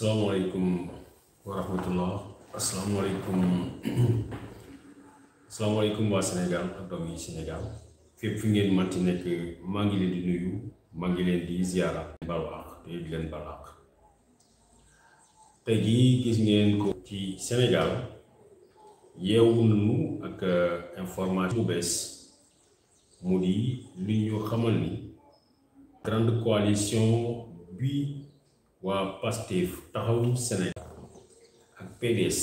asalaamaaleykum wa rahmatullah asalaamaaleykum asalaamaaleykum waa Sénégal ak yi Sénégal fépp fi ngeen manti nekk maa ngi leen di nuyu maa ngi leen di ziara balu te di leen balu àq tey gis ngeen ko ci Sénégal yeewu nañu ak euh, information bu bees mu di li ñu xamal ni grande coalition bi waa Pastef taxawu Sénégal ak PDS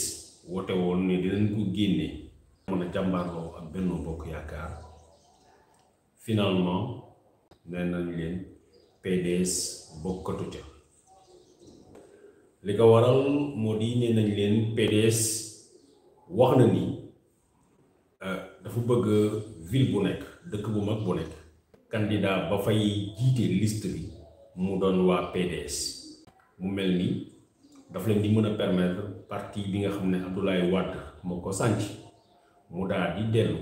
woote woon ne dinañ ko génne mën a jàmbaarloo ak Benno Bokk Yaakaar finalement nee nañ leen PDS bokkatu ca li ko waral moo di nee nañ leen PDS wax na ni euh, dafa bëgg ville bu nekk dëkk bu mag bu nekk candidat ba fay jiite liste bi mu doon waa PDS mu mel nii daf leen di mën a permettre parti bi nga xam ne Abdoulaye Wade moo ko sanc mu daal dellu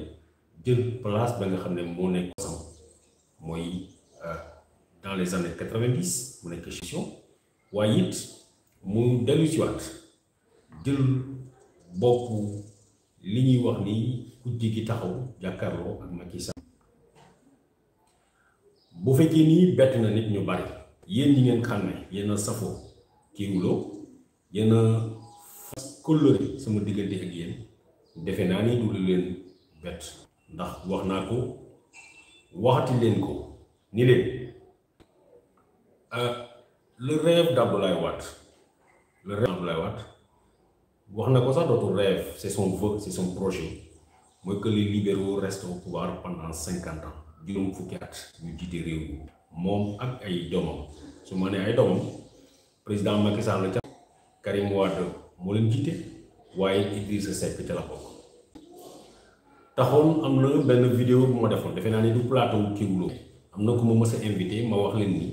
jël place ba nga xam ne moo nekk sam mooy euh, dans les années quatre-vingt-dix mu nekk gestion waaye it mu dellu ci waat jël boppu li ñuy wax ni kujje gi taxaw jàkkarloo ak Macky Sall bu fekkee nii bett na nit ñu bari yéen ñi ngeen xàmme yéen safoo kii wuloo yéen fas kóllëre sama diggante ak yéen defe naa ni du leen bett ndax wax naa ko waxati leen ko ni leen euh, le rêve d'Abdoulaye Wade le rêve d'Abdoulaye Wade wax na ko sax dootul rêve c'est son vœu c'est son projet mooy que les libéraux pendant cinquante ans juróom fukki at ñu jiite réew moom ak ay doomam su ma nee ay doomam président Macky Sall ca Karim Wade moo leen jiite waaye Idrissa Seck ca la bokk taxoon am na benn vidéo bu ma defoon defe naa ne du plateau Kéwoulo am na ku ma mës invité ma wax leen ni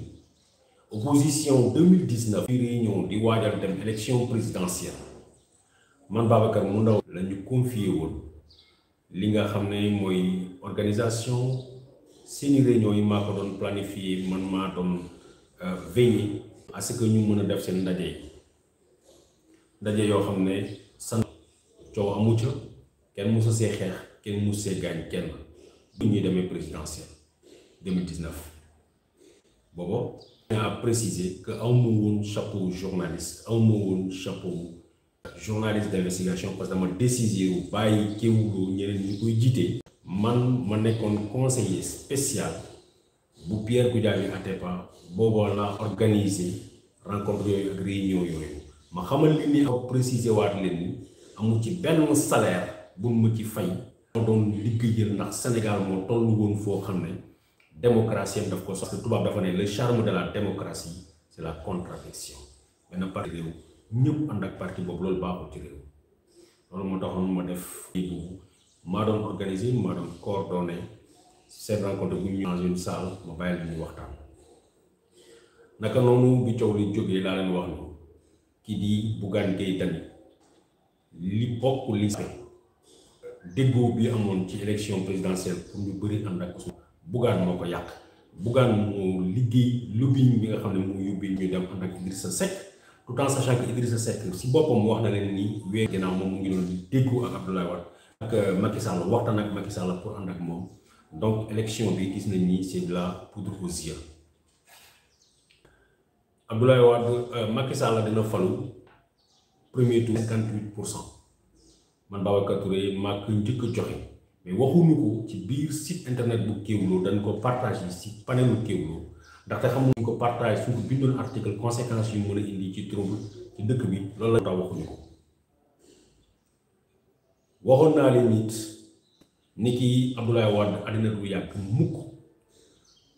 opposition 2019 fi réunion di waajal dem élection présidentielle man Babacar mu ndaw la ñu confié woon li nga xam ne mooy organisation seeni réunion yi maa ko doon planifier man maa doon euh, veiller à que ñu mën a def seen ndaje yi ndaje yoo xam ne sant coow amu ca kenn musa see xeex kenn mus see gaañ kenn bu ñuy demee présidentielle 2019 boobu. a préciser que aw ma woon chapeau journaliste aw ma woon chapeau. journaliste d'investigation parce que décision décider wu bàyyi Kéwoulo ñeneen man ma nekkoon conseiller spécial bu Pierre Goudiaby pas bobo la organisé rencontre yooyu ak réunion yooyu ma xamal li ni ak préciser waat leen ni ci ben salaire bu mu ci fay. moo doon liggéeyal ndax Sénégal mo toll won fo xamné démocratie daf ko sax tubaab dafa ne le charme de la démocratie c'est la contradiction benn parti réew ñëpp ànd ak parti boobu loolu baaxul ci réew loolu moo taxoon ma def bu maa doon organisé maa doon coordonné seen rencontre bu ñu dans une salle ma bàyyi ñu waxtaan naka noonu bi coow li jógee laa leen wax ki di Bougane Gueye Dany li bokk li déggoo bi amoon ci élection présidentielle pour ñu bëri ànd ak Ousmane Bougane moo ko yàq Bougane moo liggéey lobbying bi nga xam ne moo ñu dem ànd ak Idrissa Seck tout en si boppam wax na leen nii wee ginnaaw moom mu ngi doon déggoo ak Abdoulaye Wade ak euh, Macky Sall waxtaan ak Macky Sall pour ànd ak moom donc élection bi gis nañ ni c'est de la poudre aux yeux Abdoulaye Wade euh, Macky Sall dina falu premier tour cinquante huit man Babacar Touré maa njëkk joxe mais waxuñu ko ci biir site internet bu Kéwoulo dañ ko partagé si panelu Kéwoulo ndaxte xamuñu ko partage suñ ko bindoon article conséquences yu mën a indi ci trouble ci dëkk bi loolu la tax waxuñu ko waxoon naa leen nit ni ki Abdoulaye Wade àddina du yàgg mukk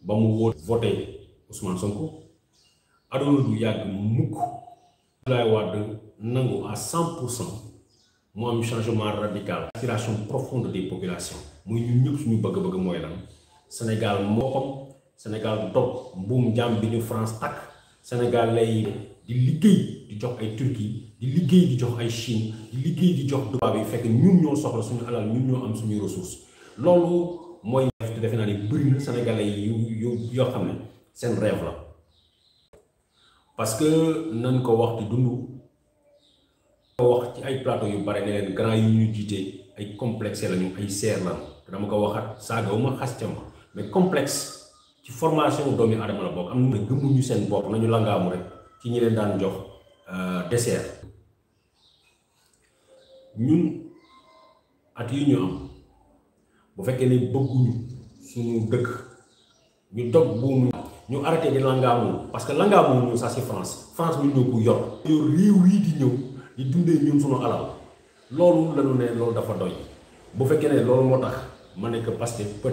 ba mu woo voté Ousmane Sonko àddina du yàgg mukk Abdoulaye Wade nangu à cent pour cent mu am changement radical aspiration profonde des populations muy ñun ñëpp suñu bëgg-bëgg mooy lan Sénégal moo xam Sénégal du topp mbuum jaam bi ñu France takk Sénégal di liggéey di jox ay Turquie di liggéey di jox ay Chine di liggéey di jox Dubaï bi fekk ñun ñoo soxla suñu alal ñun ñoo am suñuy ressources loolu mooy defe naa ne bëri na Sénégalais yi yoo xam ne seen rêve la parce que nan ko wax di dund ko wax ci ay plateau yu bare ne leen grand yu ñu jiite ay complexe la ay seer la dama ko waxat saagawuma xas ca ma mais complexe ci formation doomi aadama la bokk am na gëmuñu seen bopp nañu langaamu rek ci ñi leen daan jox euh, dessert ñun at yi ñu am bu fekkee ne bëgguñu suñu dëkk ñu dog buumu ñu arrêté di langaamu parce que langaamu ñu sax si France France ñu ñëw ko yor yor réew yi di ñëw di dundee ñun suñu alal loolu lañu ne loolu dafa doy bu fekkee ne loolu moo tax ma nekk parce que peut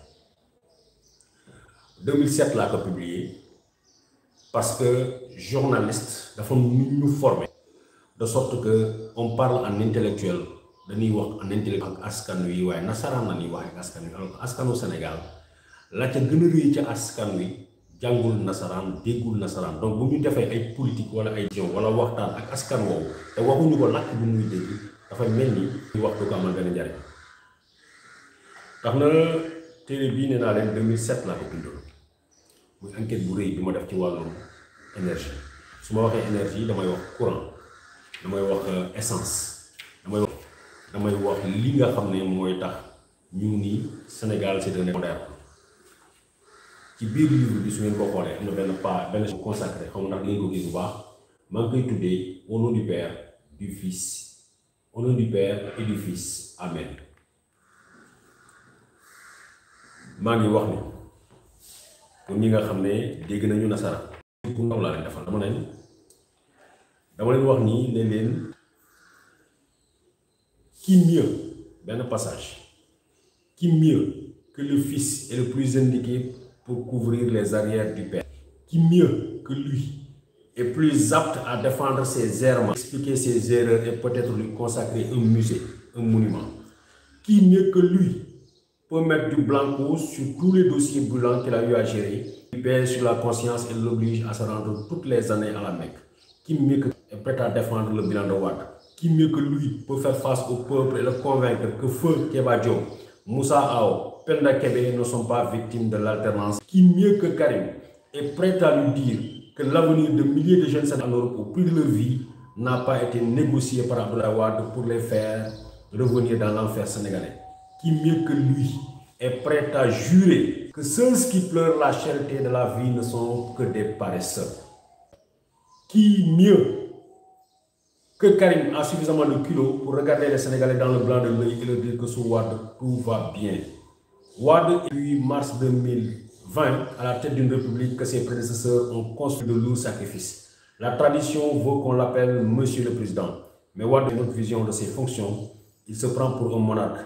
2007 la ko publié parce que journaliste da nu ñu former de sorte que on parle en intellectuel dañuy wax en intellectuel askan wi way nasaran la wax askan wi Sénégal la ca gën a rëy ca askan wi jangul nasaran déggul nasaran donc bu ñu defee ay politique wala ay jëw wala waxtaan ak askan woowu te waxuñu ko làkk bu muy dégg dafa mel ni ñu wax ko amal benn njariñ tax na téere bii nee naa leen 2007 la ko bindoon muy enquête bu rëy bi ma def ci wàllum énergie su ma waxee énergie damay wax courant damay wax euh, essence damay wax damay wax li nga xam ne mooy tax ñu ni Sénégal c'est un État ci biir livre bi su ngeen ko xoolee am na benn pas benn consacré xaw ma ndax ngeen ko gis bu baax maa ngi koy tuddee au du Père du Fils au du Père et Amen maa ngi wax ni qui mieux passage qui mieux que le fils est le plus indiqué pour couvrir les arrières du père qui mieux que lui est plus apte à défendre ses erreurs expliquer ses erreurs et peut-être lui consacrer un musée, un monument. Qui mieux que lui pour mettre du blanco sur tous les dossiers brûlants qu'il a eu à gérer. Il pèse sur la conscience et l'oblige à se rendre toutes les années à la Mecque. Qui mieux que est prêt à défendre le bilan de Ouad Qui mieux que lui peut faire face au peuple et le convaincre que Feu Kebadjo, Moussa Ao, Penda Kebe ne sont pas victimes de l'alternance Qui mieux que Karim est prêt à lui dire que l'avenir de milliers de jeunes sénégalais au prix de leur vie n'a pas été négocié par Abdoulaye Ouad pour les faire revenir dans l'enfer sénégalais qui mieux que lui est prêt à jurer que ceux qui pleurent la cherté de la vie ne sont que des paresseurs. Qui mieux que Karim a suffisamment de culot pour regarder les Sénégalais dans le blanc de l'œil et leur dire que sous Ward, tout va bien. est 8 mars 2020, à la tête d'une république que ses prédécesseurs ont construit de lourds sacrifices. La tradition veut qu'on l'appelle Monsieur le Président. Mais Ward a une autre vision de ses fonctions. Il se prend pour un monarque.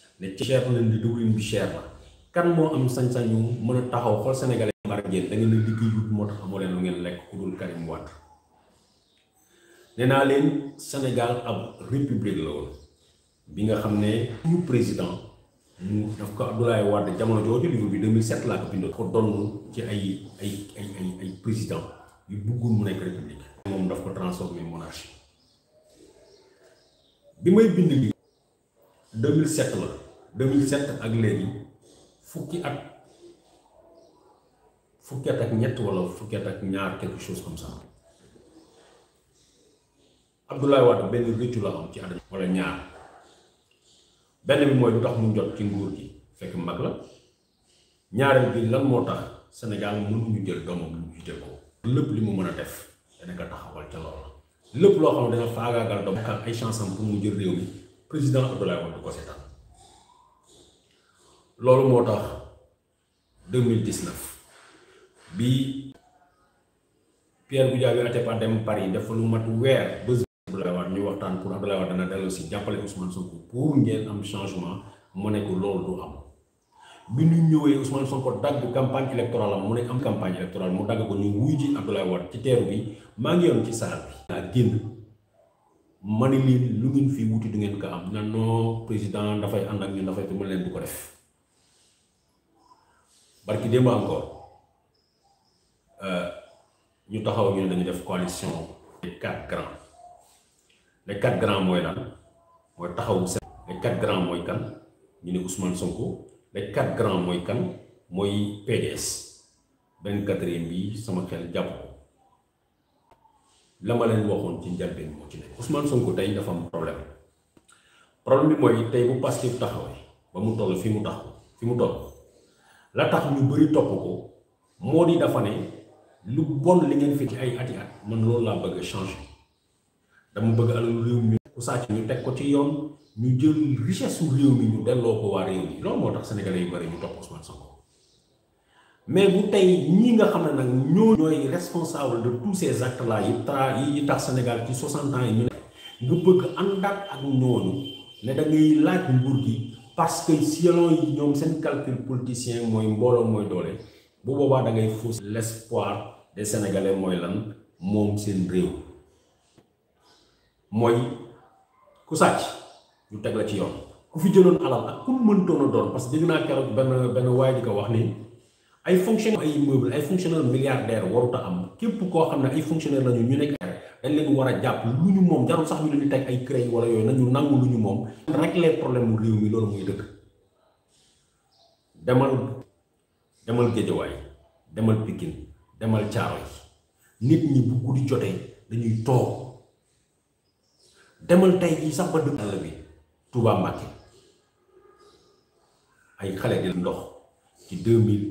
ne t-shirt di diwlin bi cher la kan moo am sañ-sañu mën a taxaw xool sénégalais yi mbar da ngeen a liggéey wut moo tax amoo leen lu ngeen lekk ku dul Karim Wade nee naa leen Sénégal ab république la woon bi nga xam ne ñu président mu daf ko Abdoulaye Wade jamono jooju livre bi 2007 laa ko bindoon ko donn ci ay ay ay ay ay président yu bëggul mu nekk république moom daf ko transformé monarchie bi may bind bi 2007 la 2007 ak léegi fukki ak fukki ak ñett wala fukki ak ñaar quelque chose comme ça Abdoulaye Wade ben rëccu la am ci àddina wala ñaar ben bi moy lu mu jot ci nguur gi fekk mag la ñaareel bi lan mo tax Sénégal ñu jël doomam ñu jël ko lepp li mu mëna def dana ko taxawal ci lool lepp lo xam dafa danga gal doom ak ay chance am pour mu jël rew mi président Abdoulaye Wade du ko seetaan loolu moo tax 2019 bi Pierre Goudiaby Atépa dem Paris def lu mat weer ba Abdoulaye war ñu waxtaan pour Abdoulaye Wade dana dellu si jàppale Ousmane Sonko pour ngeen am changement mu ne ko loolu du am bi ñu ñëwee Ousmane Sonko dagg campagne électorale am mu ne am campagne électorale mu dagg ko ñu wuy ji Abdoulaye Wade ci teeru bi maa ngi yoon ci saal bi. naa génn ma ne lii lu ngeen fi wuti du ngeen ko am na non président dafay ànd ak ñun dafay ko mu leen du ko def. barki démb encore euh, ñu taxaw ñu ne dañu def coalition les quatre grands les quatre grands mooy lan mooy taxawu seen les quatre grands mooy kan ñu ne Ousmane Sonko les quatre grands mooy kan mooy PDS benn quatrième bi sama xel jàpp ko la ma leen waxoon ci njëlbeen moo ci nekk Ousmane Sonko tey dafa am problème problème bi mooy tey bu Pastef taxawee ba mu toll fi mu taxaw fi mu toll. la tax ñu bëri topp ko moo di dafa ne lu bon li ngeen fi ci ay ati at man loolu laa bëgg a dama bëgg alal réew mi ku sàcc ñu teg ko ci yoon ñu jël richesse su réew mi ñu delloo ko waa réew mi loolu moo tax sénégalais yu bëri ñu topp Ousmane Sonko mais bu tey ñi nga xam ne nag ñoo ñooy responsable de tous ces yi tra yi tax Sénégal ci 60 ans yi ñu ne nga bëgg àndaat ak ñooñu ne da laaj nguur gi parce que selon yi ñoom seen calcul politicien mooy mbooloo mooy doole bu boobaa da ngay fausse l'espoir des sénégalais mooy lan moom seen réew mooy ku sàcc ñu teg la ci yoon ku fi jëloon alal ak ku mëntoon doon parce que dégg naa keroog benn benn waay di ko wax ni ay fonctionnaire ay immeuble ay fonctionnaire milliardaire warut a am képp koo xam ne ay fonctionnaire lañu ñu nekk dañ leen war a jàpp lu ñu moom jarul sax ñu leen di teg ay crédit wala yooyu nañu nangu ñu moom régler problème mu réew mi loolu muy dëkk demal demal Géejawaay demal Pikine demal Caaroy nit ñi bu guddi jotee dañuy toog demal tey jii sax ba dëkk àll bi Touba Mbacké ay xale di ndox ci deux mille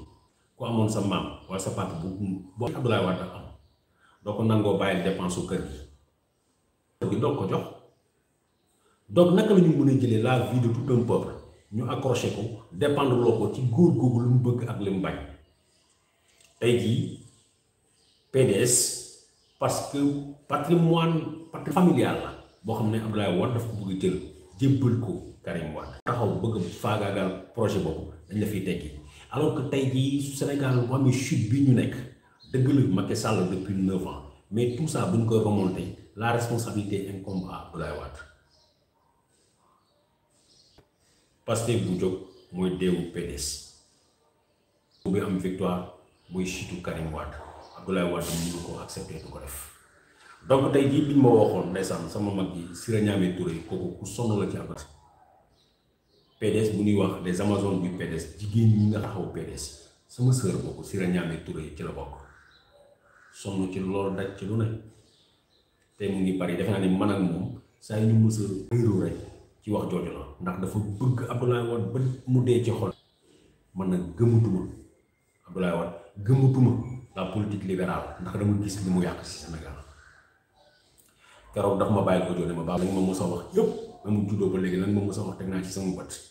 ko amoon sa mam wa sa pat bu bo Abdoulaye Wade am doo nango nangoo dépense au kër gi kër ko jox donc nak la ñu mën a la vie de tout un peuple ñu accroché ko dépendre loko ci góor googu lu mu bëgg ak li mu bañ tey jii PDS parce que patrimoine patrimoine familial la bo xamné Abdoulaye Wade dafa bëgg jël jébbal ko Karim Wade taxaw bëgg faagaagal projet bobu dañ la fi tekki alors que tey jii su Sénégal bu amee chute bi ñu nek dëgg la Macky Sall depuis 9 ans mais tout ça buñ ko koy remonté la responsabilité incombe à Abdoulaye Wade Pastef bu jóg mooy deewu PDS. bu am victoire mooy chutu Karim Wade Abdoulaye Wade mu ko accepter du ko def donc tay ji bi ma waxoon ndeysaan sama mag yi Siré Niamé Touré kooku ku sonn la ci am. PDS bu ñuy wax les amazones du PDS jigéen ñi nga taxaw PDS sama sœur bokk Sira ñame Touré ci la bok sonu ci lool daj ci lu ne té mu ngi bari defe ni man ak mom saa ñu mës a réeru rek ci wax jojo la ndax dafa bëgg Abdoulaye Wade ba mu ci xol man nag gëmutuma Abdoulaye Wade gëmutuma la politique libérale ndax dama gis li mu yàq si Sénégal keroog daf ma bàyyi ko ma ba lañ ma mësa wax yépp ma judo ba légui lan ma mos a wax tek na ci sama bët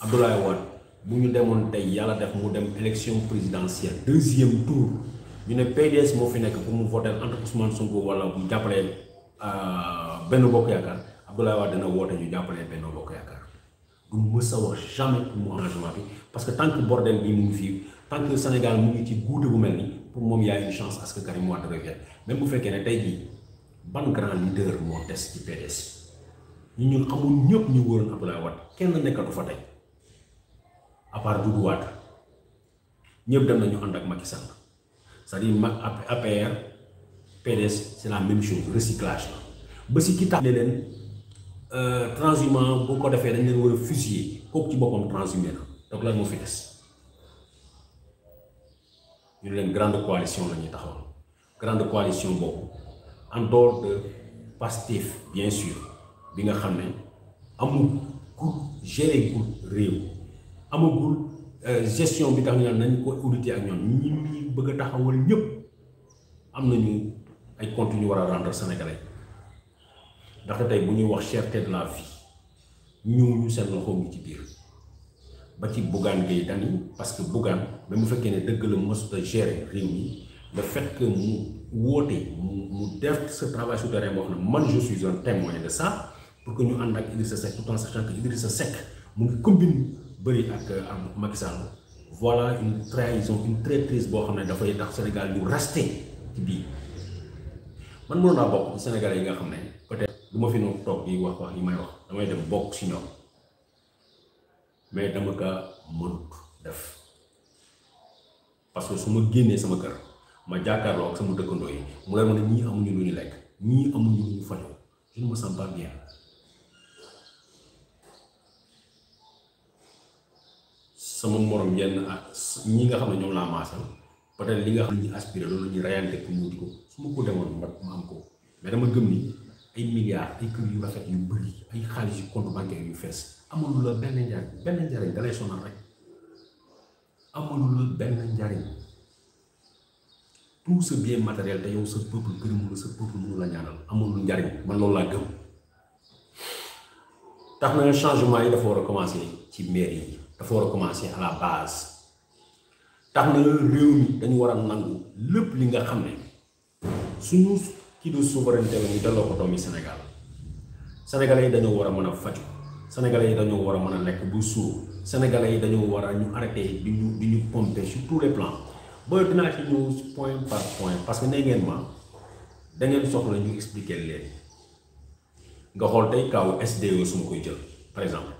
Abdoulaye Wade bu ñu démon tay yalla def mu dem élection présidentielle deuxième tour ñu né PDS mo fi nek pour mu voter entre Ousmane Sonko wala jappalé euh Benno Bokk Yaakaar Abdoulaye Wade dana woote ñu jappalé Benno Bokk Yaakaar du mës wax jamais pour mu engagement bi parce que tant que bordel bi mu ngi tant que Sénégal mu ngi ci guute bu melni pour mom y a une chance à ce que Karim Wade revienne même bu féké né tay bi ban grand leader moo des ci PDS ñu ñun xamul ñëpp ñu woron Abdoulaye Wade kenn nekkatu fa tay à part Doudou Wade ñëpp dem nañu ànd ak Macky Sall c'est-à-dire mag APR PDS c'est la même chose recyclage la ba si ki tax ne leen euh, transhumant bu ko defee dañ leen war a fusiller ko ci boppam transhumé na donc lan moo fi des ñu leen grande coalition la ñuy taxawal grande coalition boobu en dehors de Pastef bien sûr bi nga xam ne amul ku gérer ku réew amagul euh, gestion bi tax ñu nañ ko audité ak ñoom ñi ñi bëgg taxawal ñëpp am nañu ay compte ñu war a rendre sénégalais ndax tey bu ñuy wax cherté de la vie ñëwuñu seen loxo ngi ci biir ba ci Bougane Gueye Dany parce que Bougane même mu fekkee ne dëgg la mosut a gérer réew mi le fait que mu woote mu mu def ce travail souterrain boo xam ne man je suis un témoin de ça pour que ñu ànd ak Idrissa Seck tout en sachant que Idrissa Seck mu ngi combine bëri ak euh, am Macky Sall voilà une trahison une traîtrise boo xam ne dafay tax Sénégal yu resté ci bii man moom naa bokk ci yi nga xam ne peut-être du ma fi noonu toog di wax wax yi may wax damay dem bokk si ñoom mais dama ka mënut def parce que su ma génnee sama kër ma jàkkaarloo ak sama dëkkandoo yi mu leen ma ne ñii amuñu lu ñu lekk ñii amuñu lu ñu fajoo je ne me sens bien. sama morom yenn ñi nga xamne ñom la masal maasal peut être li nga xam ne ñu aspiré loolu ñu rayante ko mu ko suma ko demoon ma am ko mais dama gëm ni ay milliards ay kër yu rafet yu bëri ay xaliss yu compte bancaire yu fess amul lu benn njariñ benn njariñ da lay sonal rek amul lu benn njariñ tout ce bien matériel da yow sa peuple lu sa peuple mu la ñaanal amul lu njariñ man lolu la gëm tax na changement yi dafa war a commencé ci mairie dafa commencé à la base tax na réew mi dañu wara a nangu lépp li nga xamné suñu ki do souveraineté ni ñu delloo ko doomi Sénégal sénégalais dañu wara mëna faju sénégalais dañu wara mëna a bu suur sénégalais dañu wara ñu arrêté di ñu di ñu pomper sur tous les plans ba dina ci ñëw point par point parce que né ngeen ma da ngeen soxla ñu expliquer leen nga xol tay kaw sdo su ma koy jël par exemple.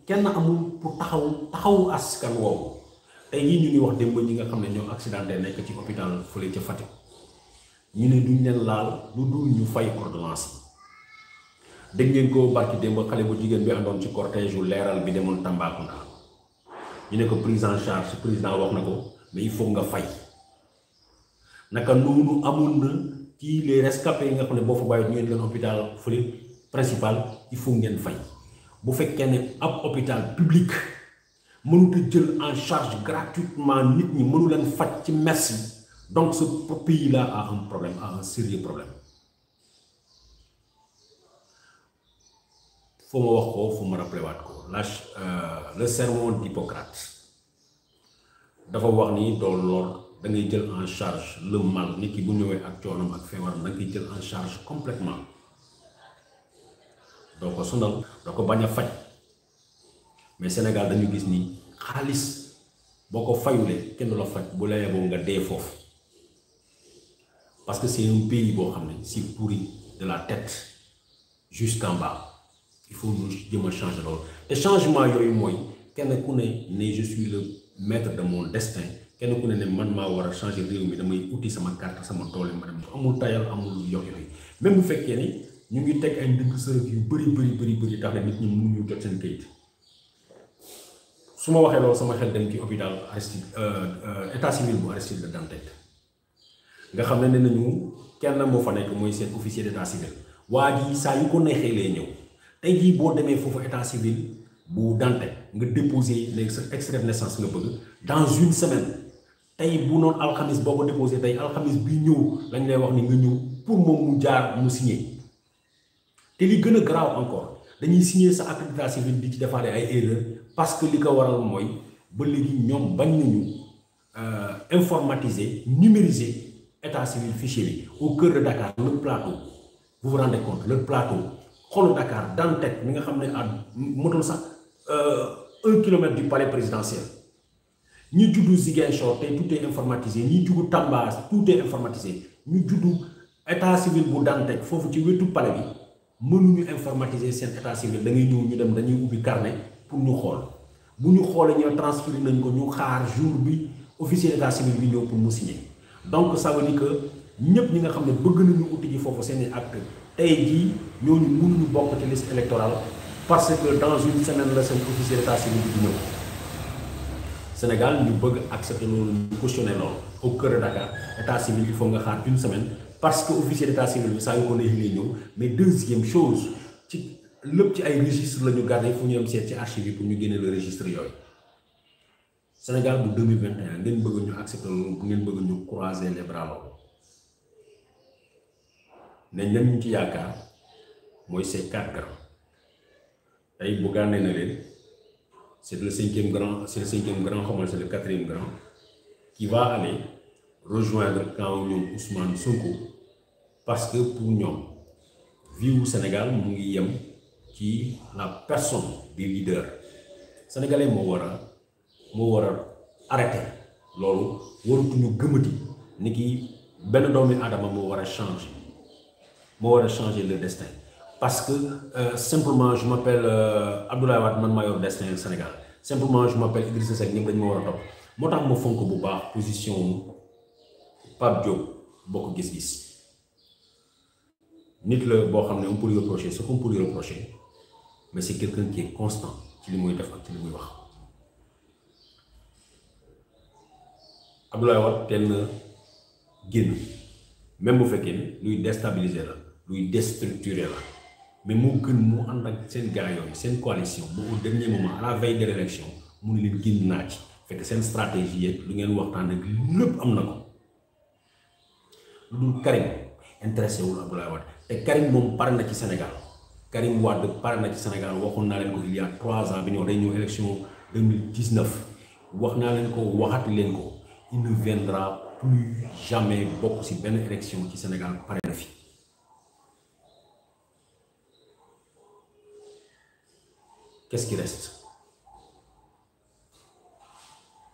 kenn amul pour taxaw taxaw askan woowu tay ñi ñu ngi wax démb ñi nga xamne ñoo accidenté nek ci hôpital fulé ci faté ñu né duñ leen laal du du ñu fay ordonnance yi ngeen ko barki démb xalé bu jigen bi andon ci cortège yu bi demoon tambakuna ñu né ko prise en charge président wax nako mais il faut nga fay naka nu amul na ki les rescapés nga xamne ne boo fa bàyyi ñu leen hôpital fulé principal il faut ngeen fay vous fait ne un hôpital public vous pouvez en charge gratuitement les gens, vous leen merci. donc ce pays là a un problème a un sérieux problème faut ma wax ko faut me rappeler. waat euh, le serment d'Hippocrate il wax ni doo lor da en charge le mal nit ki bu ñëwee ak en charge complètement doo ko sunal doo ko bañ a faj mais Sénégal dañu gis ni xaalis boo ko fayulee kenn du la faj bu la yeboo nga dee foofu parce que c'est un pays boo xam ne si pourri de la tête jusqu'en bas il faut nous jëm a changer loolu te changement yooyu mooy kenn ku ne ne je suis le maître de mon destin kenn ku ne ne man maa war a changer réew mi damay uti sama carte sama tool yi ma dem amul tayal amul yox yox même bu fekkee ni ñu ngi teg ay ndëgg sërëg yu bëri bëri bëri bëri tax na nit ñi mënuñu jot seen kayit su ma waxee loolu sama xel dem ci hôpital Aristide euh, euh, état civil bu Aristide Le Dantec nga xam ne nee nañu kenn moo fa nekk mooy seen officier d'état civil waa ji saa yu ko neexee lay ñëw tey jii boo demee foofu état civil bu Dantec nga déposé léegi sa extrait de naissance nga bëgg dans une semaine tey bu noonu alxamis boo ko déposé tey alxamis bi ñëw lañ lay wax ni nga ñëw pour moom mu te li gën encore dañuy signer sa accréditation état civil ci defaale ay erreur parce que li ko waral moy ba léegi ñoom bañ nañu euh, informatiser numériser état civil fichier bi au cœur de Dakar le plateau vous vous rendez compte le plateau xolu Dakar dans mi nga xamné ne à motul sax euh, un kilomètre du palais présidentiel ñi juddu Ziguinchor té tout est informatisé ñi juddu tambas tout est informatisé ñu juddu état civil bu Dantec fofu ci wetu palais bi. mënuñu informatiser seen état civil da ngay ñëw ñu dem dañuy ubbi carnet pour ñu xool bu ñu xoolee ñoo transféré nañ ko ñu xaar jour bi officier état civil bi ñoo pour mu signer donc ça veut que ñëpp ñi nga xam ne bëgg nañu uti ji foofu seen i acte tey jii ñu mënuñu bokk ci liste électorale parce que dans une semaine la seen officier d'état civil bi di ñëw Sénégal ñu bëgg accepter loolu ñu cautionner loolu au cœur de Dakar état civil il faut nga xaar une semaine parce que officier d'état civil bi saa yu ko neexee lay ñëw mais deuxième chose ci lépp ci ay registre la ñu gardé fu ñu dem seet ci archive yi pour ñu génne le registre yooyu Sénégal bu 2021 ngeen bëgg ñu accepté loolu ngeen bëgg ñu croiser les bras loolu nañ leen ñu ci yaakaar mooy ces quatre grands tey bu gànnee na leen c'est le cinquième grand c'est le cinquième grand xamal le quatrième grand qui va aller rejoindre camp Ousmane Sonko parce que pour nous vie au Sénégal nous ngi yem la personne des leaders sénégalais moo war a moo Arrêter a arrêté loolu warutuñu gëmati ni ki benn doomi aadama changer moo war changer le destin parce que euh, simplement je m'appelle euh, Abdoulaye Wade man destin yor destin Sénégal simplement je m'appelle Idrissa Seck ñëpp dañu ma war a topp moo tax position Pape Diop bokk gis-gis nit la boo xam ne on peut lui reprocher ce qu'on peut lui reprocher mais c'est quelqu'un qui est constant ci li muy def ak ci li muy wax Abdoulaye Wade teel na génn même bu fekkee ne luy déstabiliser la luy déstructurer la mais moo gën mu ànd ak seen gars yooyu seen coalition ba au dernier moment à la veille de l'élection mu ne leen génn naa ci fekk seen stratégie yeeg lu ngeen waxtaan ak lépp am na ko Karim dul Karim intéressé wul Abdoulaye wat te Karim moom pare na ci Sénégal Karim wad pare na ci Sénégal waxoon na len ko il y a trois ans bi ñu wax day ñëw élection 2019. mille dix wax naa leen ko waxat len ko il ne viendra plus jamais bok ci élection ci Sénégal par na fi. qu'est-ce qui reste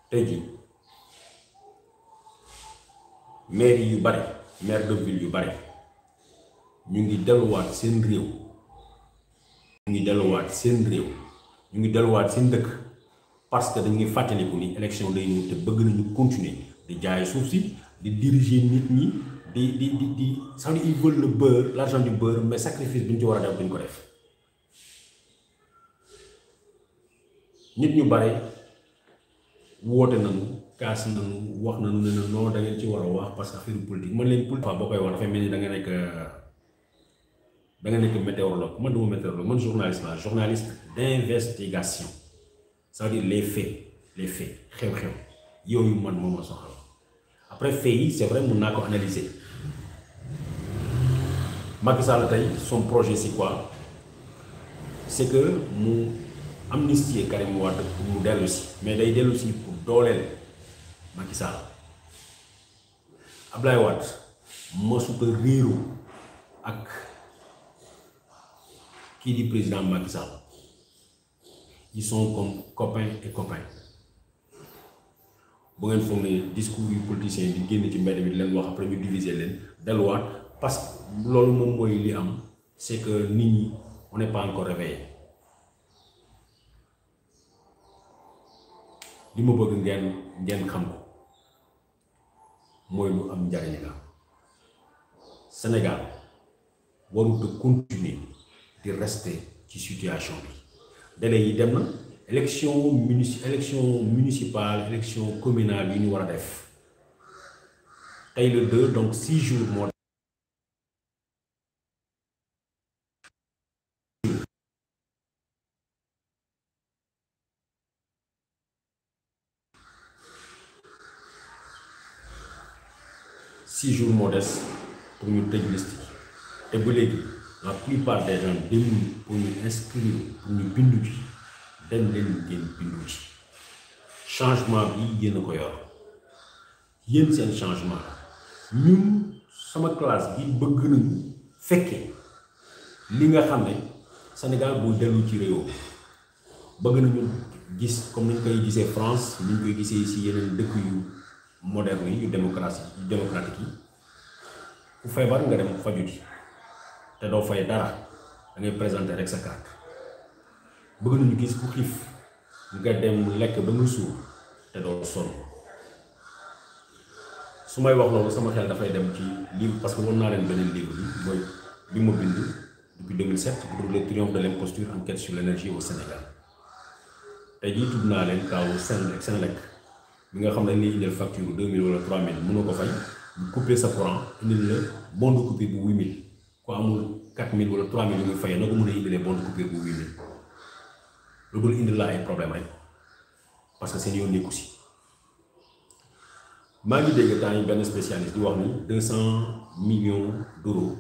Teddy. Mary mairie yu bari. maire de ville yu bari ñu ngi delluwaat seen réew ñu ngi delluwaat seen réew ñu ngi delluwaat seen dëkk parce que dañuy fàttaliku ni élection day ñëw te bëgg nañu continuer di jaay suuf si di diriger nit ñi di di di di sax ils veulent le beurre l'argent du beurre mais sacrifice bi ñu ci war a def duñ ko def nit ñu bare woote nañu. kaas parce que politique man leen pas boo koy wax dafay mel ni da nga nekk da météorologue man météorologue journaliste journaliste d'investigation ça veut dire les faits les faits man après faits c'est vrai mun naa ko analyser son projet c'est quoi c'est que nous, amnistier Karim nous pour mu dellu si mais day si pour Macky Sall Ablaye Wade mësuta réeroo ak qui di président Macky Sall ils sont comme copains et copains bu ngeen foog discours yu politiciens di génn ci mbedd bi di leen wax après ñu diviser leen delluwaat parce que loolu moom mooy li am c'est que nit ñi on n'est pas encore réveillé li ma bëgg ngeen ngeen xam ko mooy lu am njariñ la Sénégal warut de continuer de rester ci situation bi délai yi dem na élection élection municipale élection communale yi ñu war a def tey le deux donc 6 jours moo six jours modestes pour nous diagnostic. Et vous l'avez la plupart des gens demandent pour nous inscrire, pour nous bindouji. D'un des Changement, il y a un changement. Il y a un changement. Nous, sommes classe, nous veut nous faire que ce que vous savez, le Sénégal est dans le tiré. Il veut nous comme nous le disait France, nous le disait ici, il y a un moderne yi yu démocratie yu démocratique yi ku feebar nga dem faju ji te doo fay dara da ngay présenter rek sa carte bëgg nañu gis ku xiif nga dem lekk ba nga suur te doo sonn su may wax loolu sama xel dafay dem ci livre parce que woon naa leen beneen livre bi mooy bi ma bind depuis 2007 pour le triomphe de l'imposture enquête sur l'énergie au Sénégal tey jii tudd naa leen kaw Senelec Senelec bi nga xam ne jël facture deux mille wala trois mille ko fay sa courant indil la bon de bu mille amul quatre wala trois mille na ko a bon de problème parce que c'est yoon nekku spécialiste di wax deux millions d'euros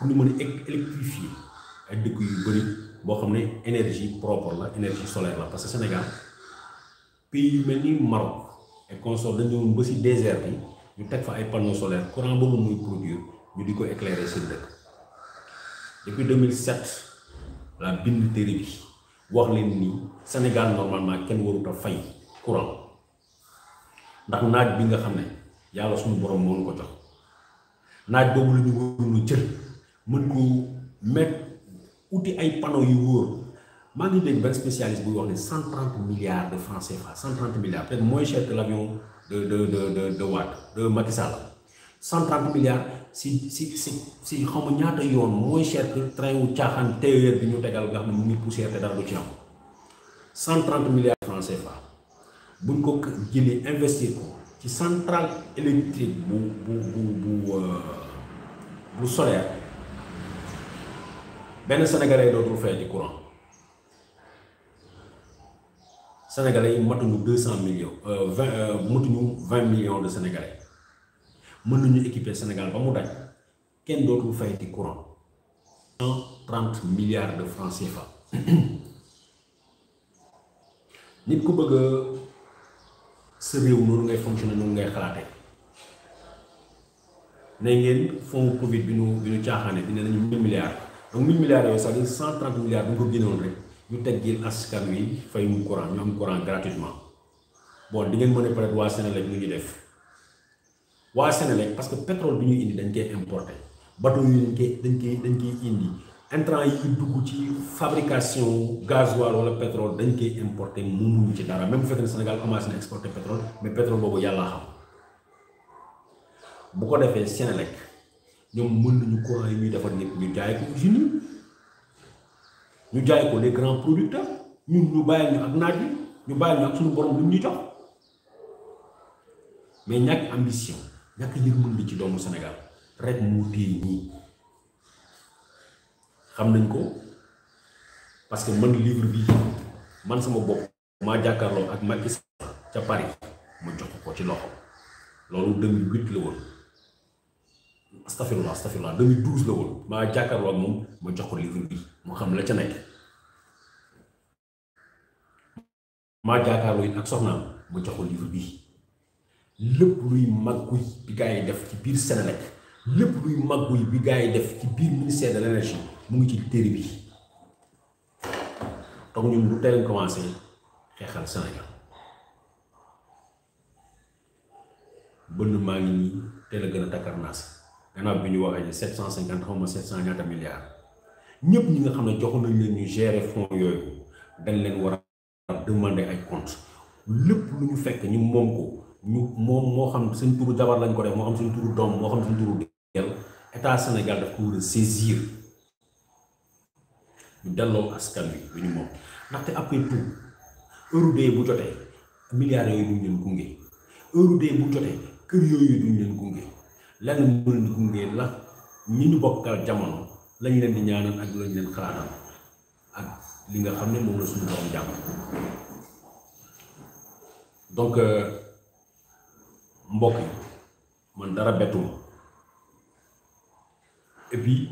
pour électrifier ay énergie propre la énergie solaire parce que Sénégal pays yu mel ni Maroc et consort dañu ba si désert bi ñu teg fa ay panneaux solaires courant boobu muy produire ñu di ko éclairer seen dëkk depuis 2007 la bind téere bi wax leen ni Sénégal normalement kenn warut a fay courant ndax naaj bi nga xam ne yàlla suñu borom moo ko jox naaj boobu la ñu waroon ñu jël mën ko mettre uti ay panneaux yu wóor. Je suis un spécialiste pour 130 milliards de francs CFA, 130 milliards, peut-être moins cher que l'avion de, de, Watt, de 130 milliards, si, si, si, moins cher que le train ou Tchahan, TER, Bignot, Tegal, Gardou, dans 130 milliards de francs CFA. Si Guinée, investir pour la centrale électrique pour le euh, solaire. Ben Sénégalais, d'autres fait du courant. sénégalais yi matuñu 200 millions euh 20 20 euh, millions de sénégalais mën nañu équiper sénégal ba mu daj kenn dootu fayti courant 130 milliards de francs CFA nit ku bëgg sa réew noonu ngay fonctionné noonu ngay xalaate ne ngeen fonds covid bi nu bi nu caaxaane dina nañu milliards donc 1 milliards yooyu ça veut 130 milliards bu ko gënoon ñu teggil askan wi mu courant ñu am courant gratuitement bon di ngeen mën a peut être waa ñu ngi def wa Sénélec parce que pétrole bi ñu indi dañ koy importer bato yi dañ koy dañ koy dañ koy indi entrant yi dugg ci fabrication gasoil wala pétrole dañ koy mu ñu ci dara même fait que ne Sénégal commencé na exporter pétrole mais pétrole bobu yalla xam bu ko defee Sénélec ñom mënu ñu courant yi ñu defal nit ñu jaay ko usine nous déjà des les grands producteurs nous ñu bàyyi ñu nous ñu suñu borom jox mais ambition que Sénégal rek ko parce que man livre bi man sama bopp ma jakarlo ak Macky Sall ca Paris mu jox ko ci loxo 2008 la astafirullah astafirullah 2012 la woon maa jàkkaarloo ak moom ma jox ko livre bi mu xam la ca nekk maa jàkkaarloo ak soxnaam ma jox ko livre bi lépp luy màgguy bi gaa yi def ci biir Sénélec lépp luy màgguy bi gaa yi def ci biir ministère de l'énergie mu ngi ci téere bi donc ñun lu teel commencé xeexal Sénégal bënn maa ngi nii teel gën a takkar gannaaw bi ñu waxee sept cent cinquante ma milliards ñëpp ñi nga xam ne joxoon nañ leen fonds yooyu dañ leen war a demander ay compte lépp lu ñu fekk ñu moom ñu moom moo xam suñ turu jabar lañ ko def moo xam suñ turu doom moo xam suñ turu del état Sénégal daf ko war a saisir ñu delloo askan wi lu ñu moom ndaxte après tout heure dee bu jotee milliards yooyu duñ leen gunge heure dee bu jotee kër yooyu duñ leen gunge lenn mu leen di gunge la ñi ñu bokkal jamono lañ leen di ñaanal ak lañ leen xalaatal ak li nga xam ne moom la suñu doom jàmm donc euh, mbokk yi man dara bettuma et puis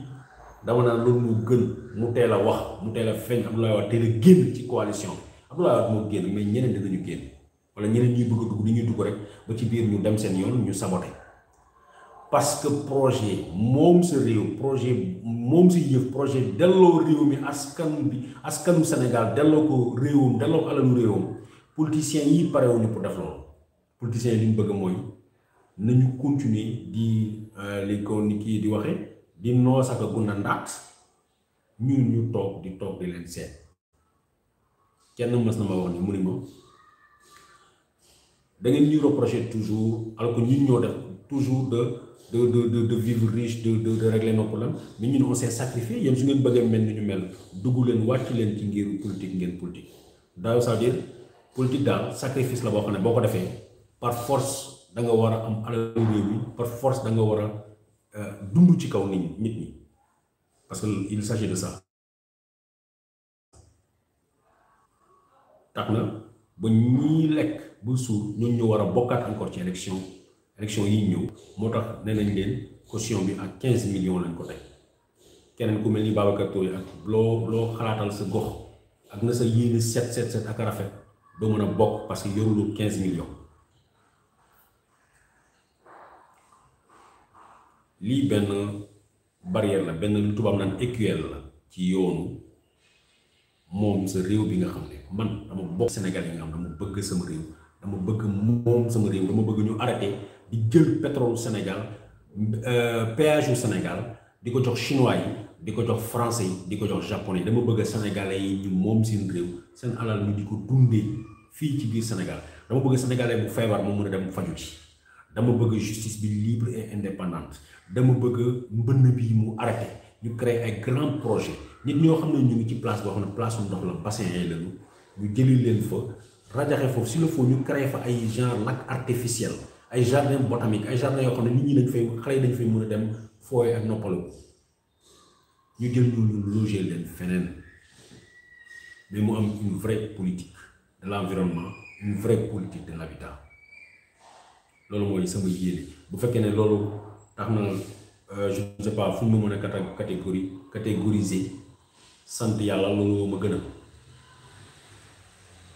dama naan loolu mu gën mu teel a wax mu teel a feeñ Abdoulaye Wade teel a génn ci coalition bi Abdoulaye Wade moo génn mais ñeneen dinañu génn wala ñeneen ñuy bëgg a dugg di ñuy dugg rek ba ci biir ñu dem seen yoon ñu sabote parce que projet moom sa réew projet moom sa yëf projet delloo réew mi askan bi askanu Sénégal delloo ko réewam delloo alalu réewam politiciens yi parewuñu pour def loolu politiciens yi li ñu bëgg mooy nañu continuer di euh, li ko ni kii di waxe di noosaka gunna ndaat ñun ñu toog di toog di leen seet kenn mës na ma wax ni mu ni ma da ngeen ñuy reprocher toujours alors ñun ñoo def toujours de de vivre riche de régler nos problèmes mais on s'est sacrifié ngeen ñu mel politique ngeen politique. politique daal sacrifice la par force da nga par force da nga euh, ci kaw nit parce que il s'agit de ça. ñu encore ci élection. élection yi ñëw moo tax nee nañ leen caution bi ak 15 millions lañ ko teg keneen ku mel ni Babacar Touré ak loo loo xalaatal sa gox ak na sa yéene set set set ak rafet doo mën a bokk parce que yoruloo 15 millions. lii benn barrière la benn lu tubaab naan écuelle la ci yoonu moom sa réew bi nga xam ne man dama bokk Sénégal yi nga xam dama bëgg sama réew. dama bëgg moom sama réew dama bëgg ñu arrêté di jël pétrole Sénégal euh, péage yu Sénégal di ko jox chinois yi di ko jox français yi di ko jox japonais yi dama bëgg sénégalais yi ñu moom seen réew seen alal ñu di ko dundee fii ci biir Sénégal dama bëgg sénégalais bu feebar moo mën a dem faju ci dama bëgg justice bi libre et indépendante dama bëgg mbënn bi mu arrêté ñu créer ay grand projet nit ñoo xam ne ñu ngi ci place boo xam ne place su ndox la bassin yi lañu ñu jëli leen fa rajaxe foofu s'il le faut ñu créer fa ay genre lac artificiel ay jardin botanique ay jardin yoo xam ne nit ñi dañ fay xale yi dañ fay mën dem fooye ak noppalu ñu loger leen fenêtres, mais mu am une vraie politique de l'environnement une vraie politique de l'habitat Lolo moi sama yéene bu fekkee ne loolu tax na euh, je ne sais pas fu ñu ma mën catégorie catégoriser sant à loolu ma gën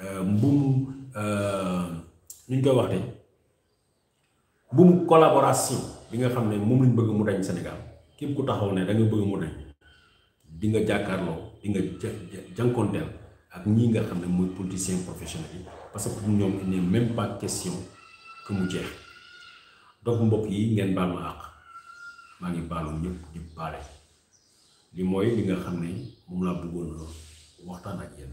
Eh, mbumu eh, ñu koy wax de mbumu collaboration bi nga xamné mom moom bëgg mu dañ Sénégal képp ku taxaw né da nga bëgg mu dañ di nga jakarlo di nga jankontel ak ñi nga xamné moy politiciens professionnels parce que pour ñoom il même pas question que mu jeex donc mbokk yi ngeen baal ma àq maa ngi balu ñëpp di balé li moy li nga xamné mom la laa bëggoon waxtaan ak yéen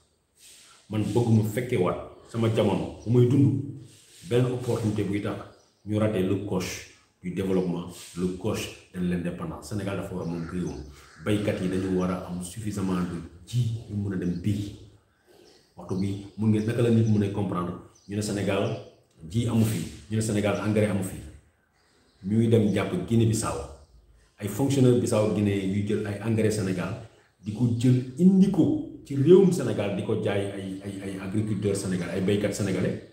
man bëgguma fekke wat sama jamono bu may dund ben opportunité bu tax ñu raté le coach du développement le coach de l'indépendance Sénégal dafa war mom moom réewam baykat yi dañu wara am suffisamment de ji ñu mëna dem bi waxtu bi mun ngeen naka la nit mëna comprendre ñu né Sénégal ji amu fi ñu né Sénégal engrais amu fi ñuy dem japp Guinée Bissau ay fonctionnaire Bissau Guinée yu jël ay engrais Sénégal diko jël indiko ci réewum Sénégal di ko jaay ay ay ay agriculteurs ay béykat sénégalais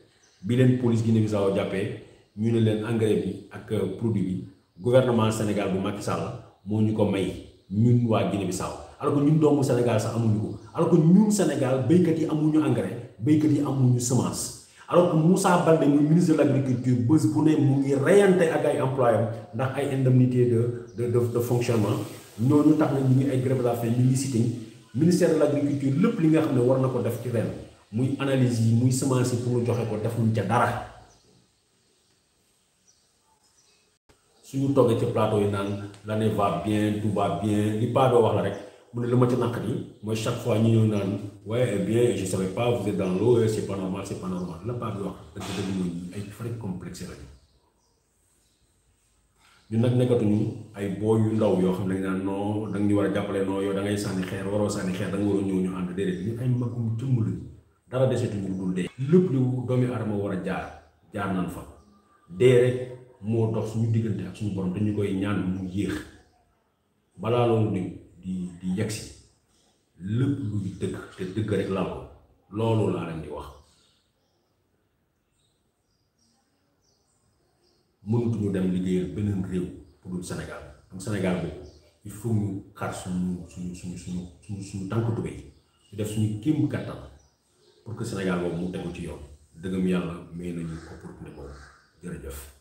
bi leen police Guinée-Bissau jàppee ñu ne leen engrais bi ak euh, produit bi gouvernement Sénégal bu Macky Sall moo ñu ko may ñu waa Guinée-Bissau alors ñu doomu Sénégal sax amuñu ko alors que ñun Sénégal béykat yi amuñu engrais béykat yi amuñu semence alors que Moussa Baldé muy ministre de l' agriculture bés bu ne mu ngi reyante ak ay employés ndax ay indemnité de de de fonctionnement ñooñu tax na ñu tax nañ grève de la faim ñu ministère de l'Agriculture, lepp li nga xam war na ko def ci ren muy analyse yi muy semence yi pour joxe ko defuñ ci dara suñu toggee ci plateau yi nan l'année va bien tout va bien li pas do wax la rek mu ne li ci naq yi mooy chaque fois ñu ñëw ouais et eh bien je savais pas vous êtes dans l'eau eh, c'est pas normal c'est pas normal la pas doo wax dëgg-dëgg ay frais complexe la ñun nag nekkatuñu ay booy yu ndaw yoo xam ne dañ naan non ñu war a jàppale non yow da ngay sànni xeer waroo sànni xeer da nga war a ñëw ñu ànd déedéet ñun ay magum jëmm lépp lu doomi aadama war a jaar jaar nañ suñu diggante ak suñu dañu koy ñaan mu yéex balaa loolu di di di yegsi lépp luy dëgg te dëgg rek laa ko loolu laa leen di wax. mënutuñu dem liggéeyal beneen réew pour dul Sénégal donc Sénégal boobu il faut ñu xar suñu suñu suñu suñu suñu suñu tànk tubéy ñu def suñu kéem kattan pour que Sénégal boobu mu tegu ci yoon dëggam yàlla may nañu opportunité boobu jërëjëf.